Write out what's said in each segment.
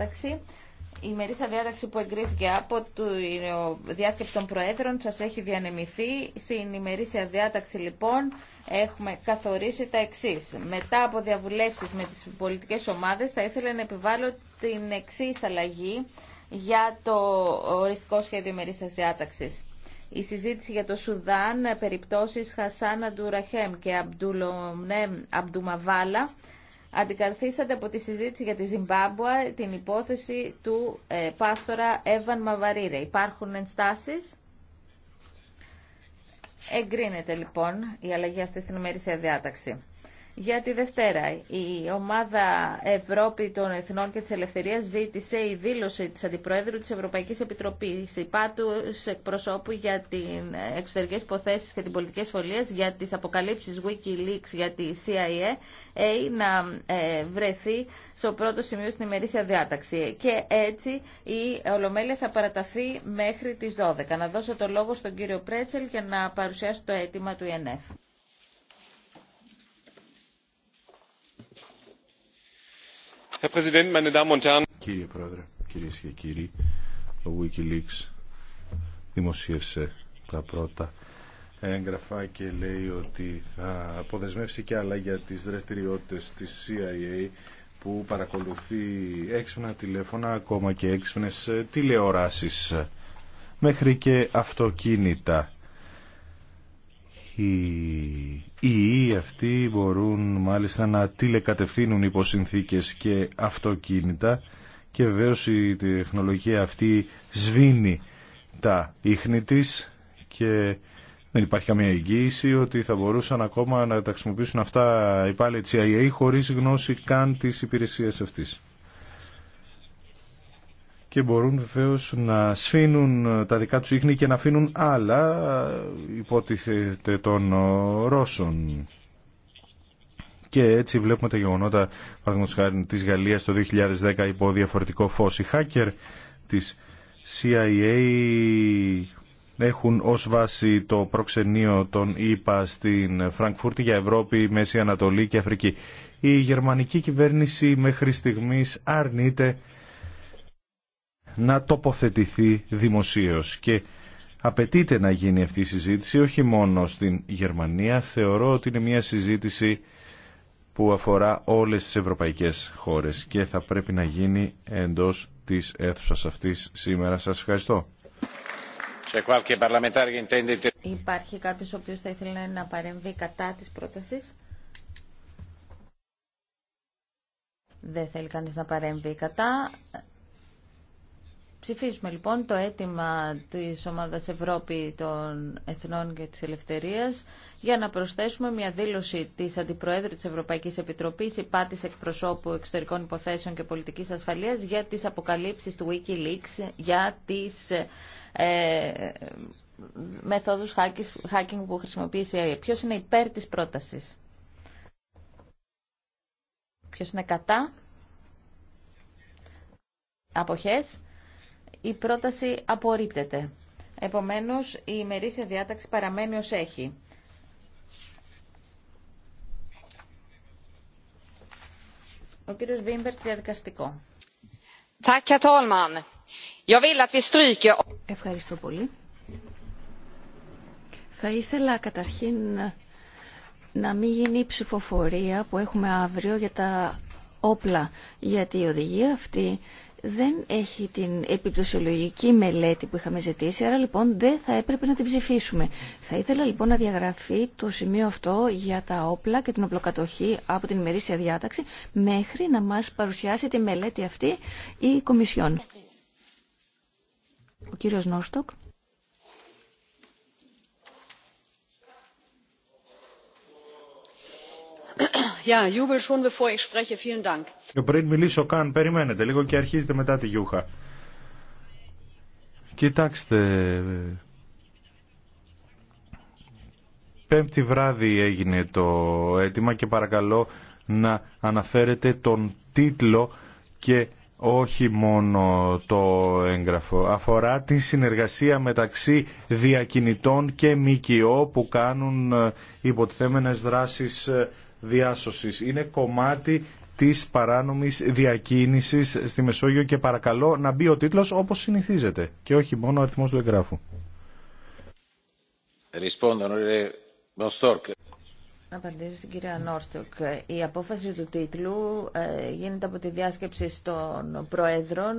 διάταξη. Η μερίσα διάταξη που εγκρίθηκε από το διάσκεψη των Προέδρων σας έχει διανεμηθεί. Στην ημερήσια διάταξη λοιπόν έχουμε καθορίσει τα εξή. Μετά από διαβουλεύσεις με τις πολιτικές ομάδες θα ήθελα να επιβάλλω την εξή αλλαγή για το οριστικό σχέδιο ημερήσια διάταξη. Η συζήτηση για το Σουδάν, περιπτώσεις Χασάν Αντουραχέμ και Αμπτουλομνέμ Αμπτουμαβάλα αντικαρθίσατε από τη συζήτηση για τη Ζιμπάμπουα την υπόθεση του ε, πάστορα Εύαν Μαβαρίρε. Υπάρχουν ενστάσεις. Εγκρίνεται λοιπόν η αλλαγή αυτή στην ημερήσια διάταξη. Για τη Δευτέρα, η ομάδα Ευρώπη των Εθνών και της Ελευθερίας ζήτησε η δήλωση της Αντιπροέδρου της Ευρωπαϊκής Επιτροπής υπάτου εκπροσώπου για την εξωτερικές υποθέσεις και την πολιτικές ασφαλεία για τις αποκαλύψεις Wikileaks για τη CIA ε, να ε, βρεθεί στο πρώτο σημείο στην ημερήσια διάταξη. Και έτσι η Ολομέλεια θα παραταθεί μέχρι τις 12. Να δώσω το λόγο στον κύριο Πρέτσελ για να παρουσιάσει το αίτημα του ΕΝΕΦ. Κύριε Πρόεδρε, κυρίες και κύριοι, ο Wikileaks δημοσίευσε τα πρώτα έγγραφα και λέει ότι θα αποδεσμεύσει και άλλα για τις δραστηριότητες της CIA που παρακολουθεί έξυπνα τηλέφωνα, ακόμα και έξυπνες τηλεοράσεις, μέχρι και αυτοκίνητα. Οι ΙΗ αυτοί μπορούν μάλιστα να τηλεκατευθύνουν υποσυνθήκες και αυτοκίνητα και βεβαίω η τεχνολογία αυτή σβήνει τα ίχνη της και δεν υπάρχει καμία εγγύηση ότι θα μπορούσαν ακόμα να τα χρησιμοποιήσουν αυτά οι πάλι CIA χωρίς γνώση καν της υπηρεσίας αυτής και μπορούν βεβαίω να σφύνουν ε, τα δικά τους ίχνη και να αφήνουν άλλα ε, υπότιθεται των ε, Ρώσων. Και έτσι βλέπουμε τα γεγονότα χάρη, της Γαλλίας το 2010 υπό διαφορετικό φως. Οι hacker της CIA έχουν ως βάση το προξενείο των ΙΠΑ στην Φραγκφούρτη για Ευρώπη, Μέση Ανατολή και Αφρική. Η γερμανική κυβέρνηση μέχρι στιγμής αρνείται να τοποθετηθεί δημοσίως και απαιτείται να γίνει αυτή η συζήτηση όχι μόνο στην Γερμανία θεωρώ ότι είναι μια συζήτηση που αφορά όλες τις ευρωπαϊκές χώρες και θα πρέπει να γίνει εντός της αίθουσας αυτής σήμερα. Σας ευχαριστώ. Υπάρχει κάποιος ο οποίος θα ήθελε να παρέμβει κατά της πρότασης. Δεν θέλει κανείς να παρέμβει κατά. Ψηφίζουμε λοιπόν το αίτημα της Ομάδας Ευρώπη των Εθνών και της Ελευθερίας για να προσθέσουμε μια δήλωση της Αντιπροέδρου της Ευρωπαϊκής Επιτροπής υπάτης εκπροσώπου εξωτερικών υποθέσεων και πολιτικής ασφαλείας για τις αποκαλύψεις του Wikileaks για τις ε, μεθόδους hacking που χρησιμοποιεί η ΑΕΕ. Ποιος είναι υπέρ της πρότασης. Ποιος είναι κατά. Αποχές. Η πρόταση απορρίπτεται. Επομένως, η ημερήσια διάταξη παραμένει ως έχει. Ο κύριος Βίμπερτ, διαδικαστικό. Ευχαριστώ πολύ. Θα ήθελα καταρχήν να μην γίνει η ψηφοφορία που έχουμε αύριο για τα όπλα, γιατί η οδηγία αυτή δεν έχει την επιπτωσιολογική μελέτη που είχαμε ζητήσει, άρα λοιπόν δεν θα έπρεπε να την ψηφίσουμε. Θα ήθελα λοιπόν να διαγραφεί το σημείο αυτό για τα όπλα και την οπλοκατοχή από την ημερήσια διάταξη μέχρι να μας παρουσιάσει τη μελέτη αυτή η Κομισιόν. Ο κύριος Νόστοκ. πριν μιλήσω καν, περιμένετε λίγο και αρχίζετε μετά τη Γιούχα. Κοιτάξτε, πέμπτη βράδυ έγινε το αίτημα και παρακαλώ να αναφέρετε τον τίτλο και όχι μόνο το έγγραφο. Αφορά τη συνεργασία μεταξύ διακινητών και ΜΚΟ που κάνουν ε, υποτιθέμενες δράσεις ε, διάσωσης. Είναι κομμάτι της παράνομης διακίνησης στη Μεσόγειο και παρακαλώ να μπει ο τίτλος όπως συνηθίζεται και όχι μόνο ο αριθμός του εγγράφου. Απαντήσω στην κυρία Νόρστοκ. Η απόφαση του τίτλου ε, γίνεται από τη διάσκεψη των Προέδρων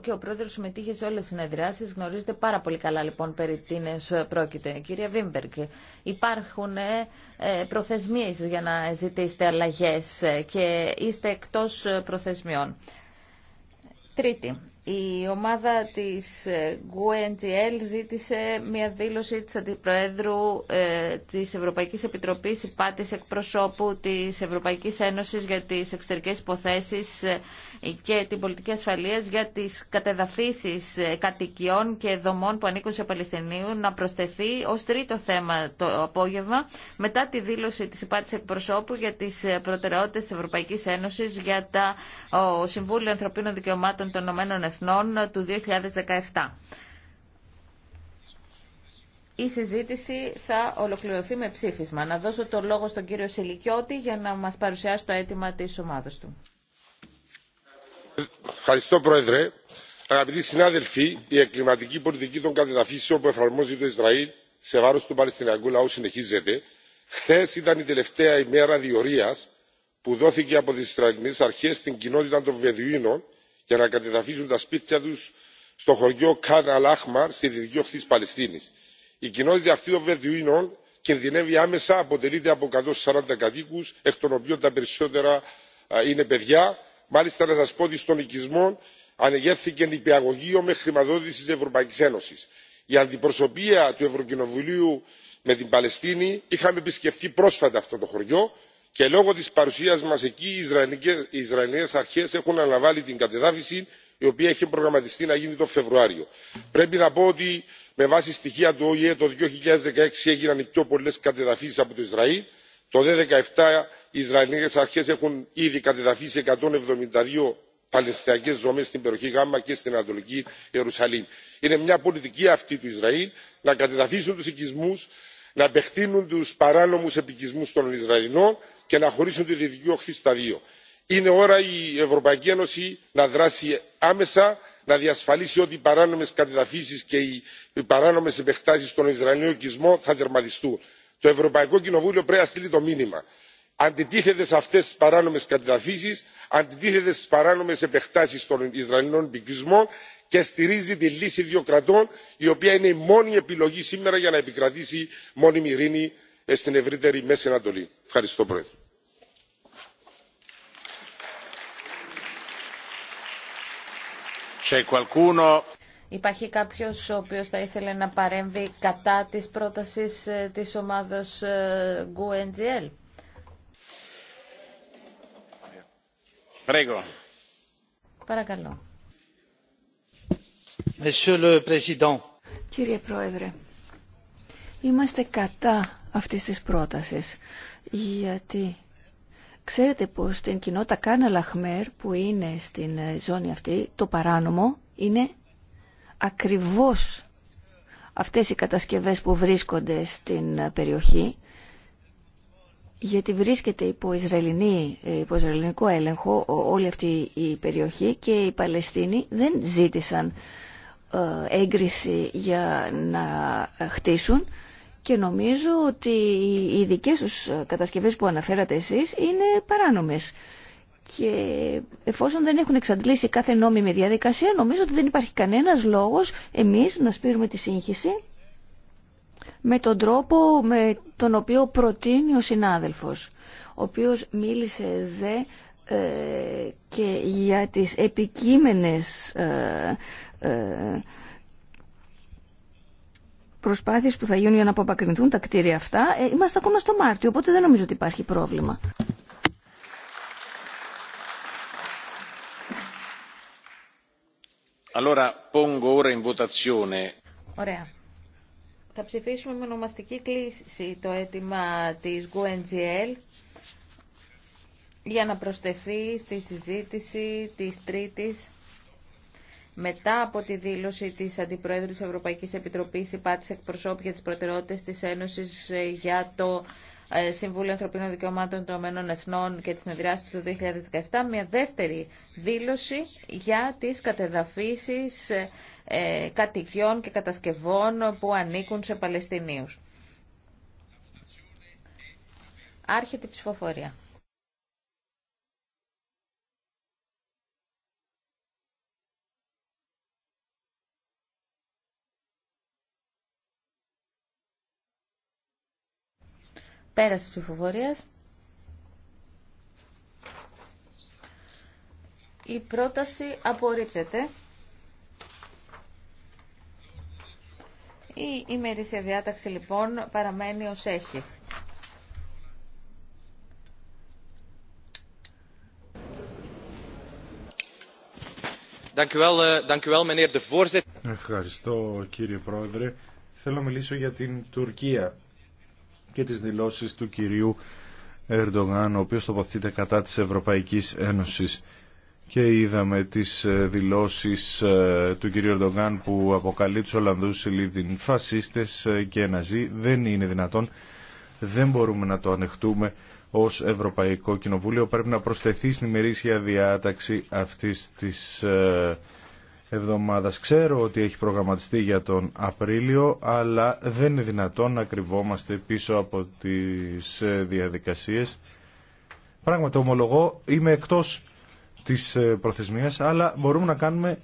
και ο Πρόεδρος συμμετείχε σε όλες τις συνεδριάσεις. Γνωρίζετε πάρα πολύ καλά λοιπόν περί τίνες πρόκειται. Κυρία Βίμπερκ, υπάρχουν ε, ε, προθεσμίες για να ζητήσετε αλλαγές και είστε εκτός προθεσμιών. Τρίτη, η ομάδα της GUNGL ε, ζήτησε μια δήλωση της Αντιπροέδρου ε, της Ευρωπαϊκής Επιτροπής υπάτης εκπροσώπου της Ευρωπαϊκής Ένωσης για τις εξωτερικές υποθέσεις ε, και την πολιτική ασφαλείας για τις κατεδαφίσεις κατοικιών και δομών που ανήκουν σε Παλαιστινίου να προσθεθεί ως τρίτο θέμα το απόγευμα μετά τη δήλωση της υπάτης εκπροσώπου για τις προτεραιότητες της Ευρωπαϊκής Ένωσης για το ο Συμβούλιο Ανθρωπίνων Δικαιωμάτων των ΗΠΑ Εθνών του 2017. Η συζήτηση θα ολοκληρωθεί με ψήφισμα. Να δώσω το λόγο στον κύριο Σιλικιώτη για να μας παρουσιάσει το αίτημα της ομάδας του. Ευχαριστώ Πρόεδρε. Αγαπητοί συνάδελφοι, η εκκληματική πολιτική των κατεδαφίσεων που εφαρμόζει το Ισραήλ σε βάρος του Παλαιστινιακού λαού συνεχίζεται. Χθε ήταν η τελευταία ημέρα διορία που δόθηκε από τι Ισραηλινέ Αρχέ στην κοινότητα των Βεδουίνων και να κατεδαφίσουν τα σπίτια του στο χωριό Καν Αλάχμα στη δυτική όχθη τη Παλαιστίνη. Η κοινότητα αυτή των Βερτιουίνων κινδυνεύει άμεσα, αποτελείται από 140 κατοίκου, εκ των οποίων τα περισσότερα είναι παιδιά. Μάλιστα, να σα πω ότι στον οικισμό ανεγέρθηκε νηπιαγωγείο με χρηματοδότηση τη Ευρωπαϊκή Ένωση. Η αντιπροσωπεία του Ευρωκοινοβουλίου με την Παλαιστίνη είχαμε επισκεφτεί πρόσφατα αυτό το χωριό και λόγω της παρουσίας μας εκεί οι ισραηλινές αρχές έχουν αναβάλει την κατεδάφιση η οποία είχε προγραμματιστεί να γίνει τον φεβρουάριο. πρέπει να πω ότι με βάση στοιχεία του οηε το 2016 έγιναν οι πιο πολλές κατεδαφίσεις από το ισραήλ το 2017 οι ισραηλινές αρχές έχουν ήδη κατεδαφίσει 172 παλαιστινιακές ζωνές στην περιοχή γάμα και στην ανατολική ιερουσαλήμ. είναι μια πολιτική αυτή του ισραήλ να κατεδαφίσουν τους οικισμούς να επεκτείνουν τους παράνομους επικισμούς των ισραηλινών και να χωρίσουν τη δυτική όχθη στα δύο. είναι ώρα η ευρωπαϊκή ένωση να δράσει άμεσα να διασφαλίσει ότι οι παράνομε κατεδαφίσει και οι παράνομε επεκτάσει στον ισραηλινό οικισμό θα τερματιστούν. το ευρωπαϊκό κοινοβούλιο πρέπει να στείλει το μήνυμα αντιτίθεται σε αυτέ τι παράνομε κατεδαφίσει αντιτίθεται στι παράνομε επεκτάσει των ισραηλινών οικισμών και στηρίζει τη λύση δύο κρατών η οποία είναι η μόνη επιλογή σήμερα για να επικρατήσει μόνιμη ειρήνη ε, στην ευρύτερη μέση ανατολή. ευχαριστώ πρόεδρε. Υπάρχει κάποιος ο οποίος θα ήθελε να παρέμβει κατά της πρότασης ε, της ομάδος ε, GUNGL. Παρακαλώ. Monsieur le Président. Κύριε Πρόεδρε, είμαστε κατά αυτής της πρότασης. Γιατί ξέρετε πως στην κοινότητα Κάνα Λαχμέρ που είναι στην ε, ζώνη αυτή, το παράνομο είναι ακριβώς αυτές οι κατασκευές που βρίσκονται στην ε, περιοχή γιατί βρίσκεται υπό, Ισραηλινή, ε, υπό Ισραηλινικό έλεγχο όλη αυτή η περιοχή και οι Παλαιστίνοι δεν ζήτησαν έγκριση για να χτίσουν και νομίζω ότι οι δικές τους κατασκευές που αναφέρατε εσείς είναι παράνομες. Και εφόσον δεν έχουν εξαντλήσει κάθε νόμιμη διαδικασία, νομίζω ότι δεν υπάρχει κανένας λόγος εμείς να σπείρουμε τη σύγχυση με τον τρόπο με τον οποίο προτείνει ο συνάδελφος, ο οποίος μίλησε δε ε, και για τις επικείμενες ε, ε, προσπάθειες που θα γίνουν για να αποπακρινθούν τα κτίρια αυτά. Ε, είμαστε ακόμα στο Μάρτιο, οπότε δεν νομίζω ότι υπάρχει πρόβλημα. Allora, pongo ora in votazione. Ωραία. Θα ψηφίσουμε με ονομαστική κλίση το αίτημα της GUNGL για να προσθεθεί στη συζήτηση της Τρίτης μετά από τη δήλωση της Αντιπρόεδρου της Ευρωπαϊκής Επιτροπής Υπάτη εκπροσώπη για τι προτεραιότητε της Ένωσης ε, για το ε, Συμβούλιο Ανθρωπίνων Δικαιωμάτων των Ηνωμένων Εθνών και τη συνεδριάση του 2017, μια δεύτερη δήλωση για τις κατεδαφίσεις ε, κατοικιών και κατασκευών που ανήκουν σε Παλαιστινίους. Άρχεται η ψηφοφορία. Πέραση τη ψηφοφορίας. Η πρόταση απορρίπτεται. Η ημερήσια διάταξη λοιπόν παραμένει ως έχει. Ευχαριστώ κύριε Πρόεδρε. Θέλω να μιλήσω για την Τουρκία και τις δηλώσεις του κυρίου Ερντογάν, ο οποίος τοποθετείται κατά της Ευρωπαϊκής Ένωσης. Και είδαμε τις ε, δηλώσεις ε, του κυρίου Ερντογάν που αποκαλεί τους Ολλανδούς Λίδιν φασίστες ε, και ναζί. Δεν είναι δυνατόν, δεν μπορούμε να το ανεχτούμε ως Ευρωπαϊκό Κοινοβούλιο. Πρέπει να προσθεθεί στην ημερήσια διάταξη αυτής της εβδομάδας. Ξέρω ότι έχει προγραμματιστεί για τον Απρίλιο, αλλά δεν είναι δυνατόν να κρυβόμαστε πίσω από τις ε, διαδικασίες. Πράγματι, ομολογώ, είμαι εκτός της ε, προθεσμίας, αλλά μπορούμε να κάνουμε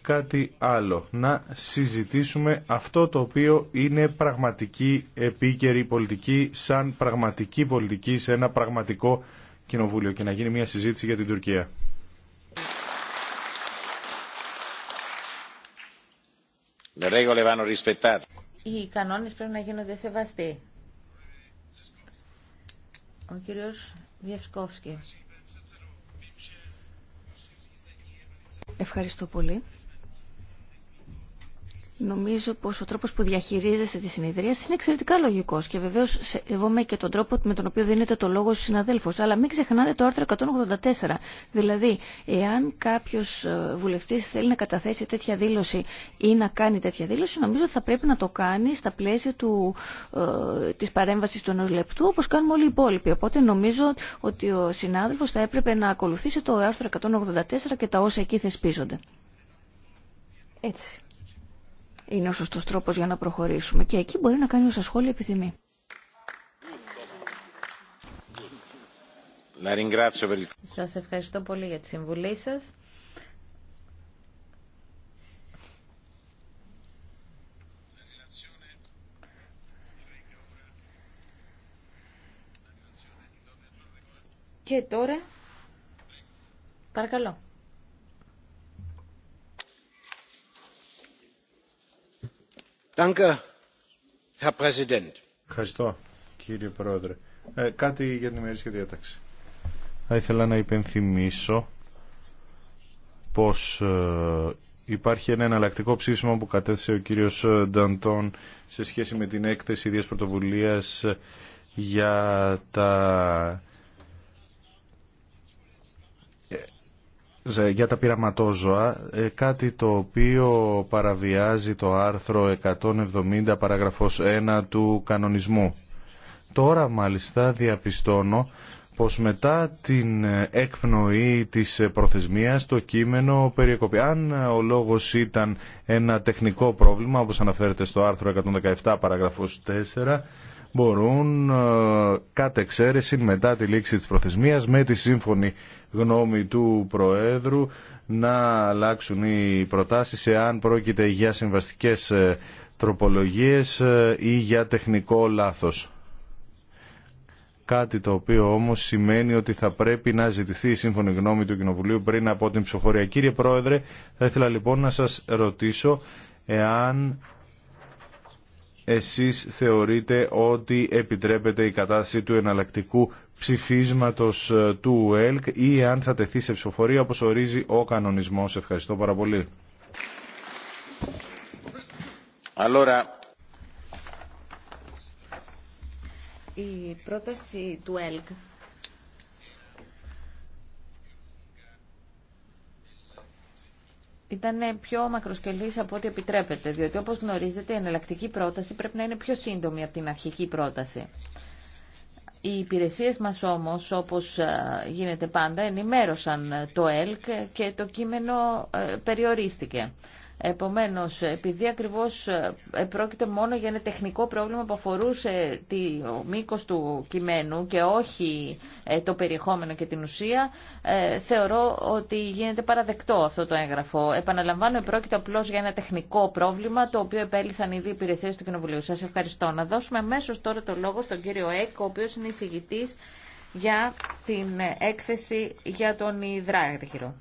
κάτι άλλο. Να συζητήσουμε αυτό το οποίο είναι πραγματική επίκαιρη πολιτική, σαν πραγματική πολιτική σε ένα πραγματικό κοινοβούλιο και να γίνει μια συζήτηση για την Τουρκία. Οι κανόνε πρέπει να γίνονται σεβαστοί. Ο κύριο Βιευσκόφσκι. Ευχαριστώ πολύ. Νομίζω πως ο τρόπος που διαχειρίζεστε τη συνεδρία είναι εξαιρετικά λογικός και βεβαίως σεβόμαι και τον τρόπο με τον οποίο δίνετε το λόγο στους συναδέλφους. Αλλά μην ξεχνάτε το άρθρο 184. Δηλαδή, εάν κάποιος ε, βουλευτής θέλει να καταθέσει τέτοια δήλωση ή να κάνει τέτοια δήλωση, νομίζω ότι θα πρέπει να το κάνει στα πλαίσια του, ε, της παρέμβασης του ενό λεπτού, όπως κάνουμε όλοι οι υπόλοιποι. Οπότε νομίζω ότι ο συνάδελφος θα έπρεπε να ακολουθήσει το άρθρο 184 και τα όσα εκεί θεσπίζονται. Έτσι είναι ο σωστός τρόπος για να προχωρήσουμε. Και εκεί μπορεί να κάνει όσα σχόλια επιθυμεί. Σας ευχαριστώ πολύ για τη συμβουλή σας. Και τώρα, παρακαλώ. Ευχαριστώ κύριε Πρόεδρε. Ε, κάτι για την ημερήσια διάταξη. Θα ήθελα να υπενθυμίσω πως ε, υπάρχει ένα εναλλακτικό ψήφισμα που κατέθεσε ο κύριος ε, Νταντών σε σχέση με την έκθεση ίδιας πρωτοβουλίας για τα για τα πειραματόζωα, ε, κάτι το οποίο παραβιάζει το άρθρο 170 παραγραφός 1 του κανονισμού. Τώρα μάλιστα διαπιστώνω πως μετά την ε, εκπνοή της ε, προθεσμίας το κείμενο περιεκοπεί. Αν ο λόγος ήταν ένα τεχνικό πρόβλημα, όπως αναφέρεται στο άρθρο 117 παραγραφός 4, μπορούν ε, κατ' εξαίρεση μετά τη λήξη της προθεσμίας με τη σύμφωνη γνώμη του Προέδρου να αλλάξουν οι προτάσεις εάν πρόκειται για συμβαστικές ε, τροπολογίες ε, ή για τεχνικό λάθος. Κάτι το οποίο όμως σημαίνει ότι θα πρέπει να ζητηθεί η σύμφωνη γνώμη του Κοινοβουλίου πριν από την ψηφοφορία. Κύριε Πρόεδρε, θα ήθελα λοιπόν να σας ρωτήσω εάν εσείς θεωρείτε ότι επιτρέπεται η κατάσταση του εναλλακτικού ψηφίσματος ε, του ΕΛΚ ή αν θα τεθεί σε ψηφοφορία όπως ορίζει ο κανονισμός. Ευχαριστώ πάρα πολύ. Allora... Η πρόταση του ΕΛΚ ήταν πιο μακροσκελή από ό,τι επιτρέπεται, διότι όπως γνωρίζετε η εναλλακτική πρόταση πρέπει να είναι πιο σύντομη από την αρχική πρόταση. Οι υπηρεσίες μας όμως, όπως ε, γίνεται πάντα, ενημέρωσαν το ΕΛΚ και το κείμενο ε, περιορίστηκε. Επομένως, επειδή ακριβώς ε, πρόκειται μόνο για ένα τεχνικό πρόβλημα που αφορούσε ε, το μήκος του κειμένου και όχι ε, το περιεχόμενο και την ουσία, θεωρώ ότι γίνεται παραδεκτό αυτό το έγγραφο. Επαναλαμβάνω, πρόκειται απλώς για ένα τεχνικό πρόβλημα το οποίο επέλυσαν οι δύο υπηρεσίες του Κοινοβουλίου. Σας ευχαριστώ. Να δώσουμε αμέσως τώρα το λόγο στον κύριο Εκ, ο οποίος είναι εισηγητής για την έκθεση για τον Ιδράγυρο.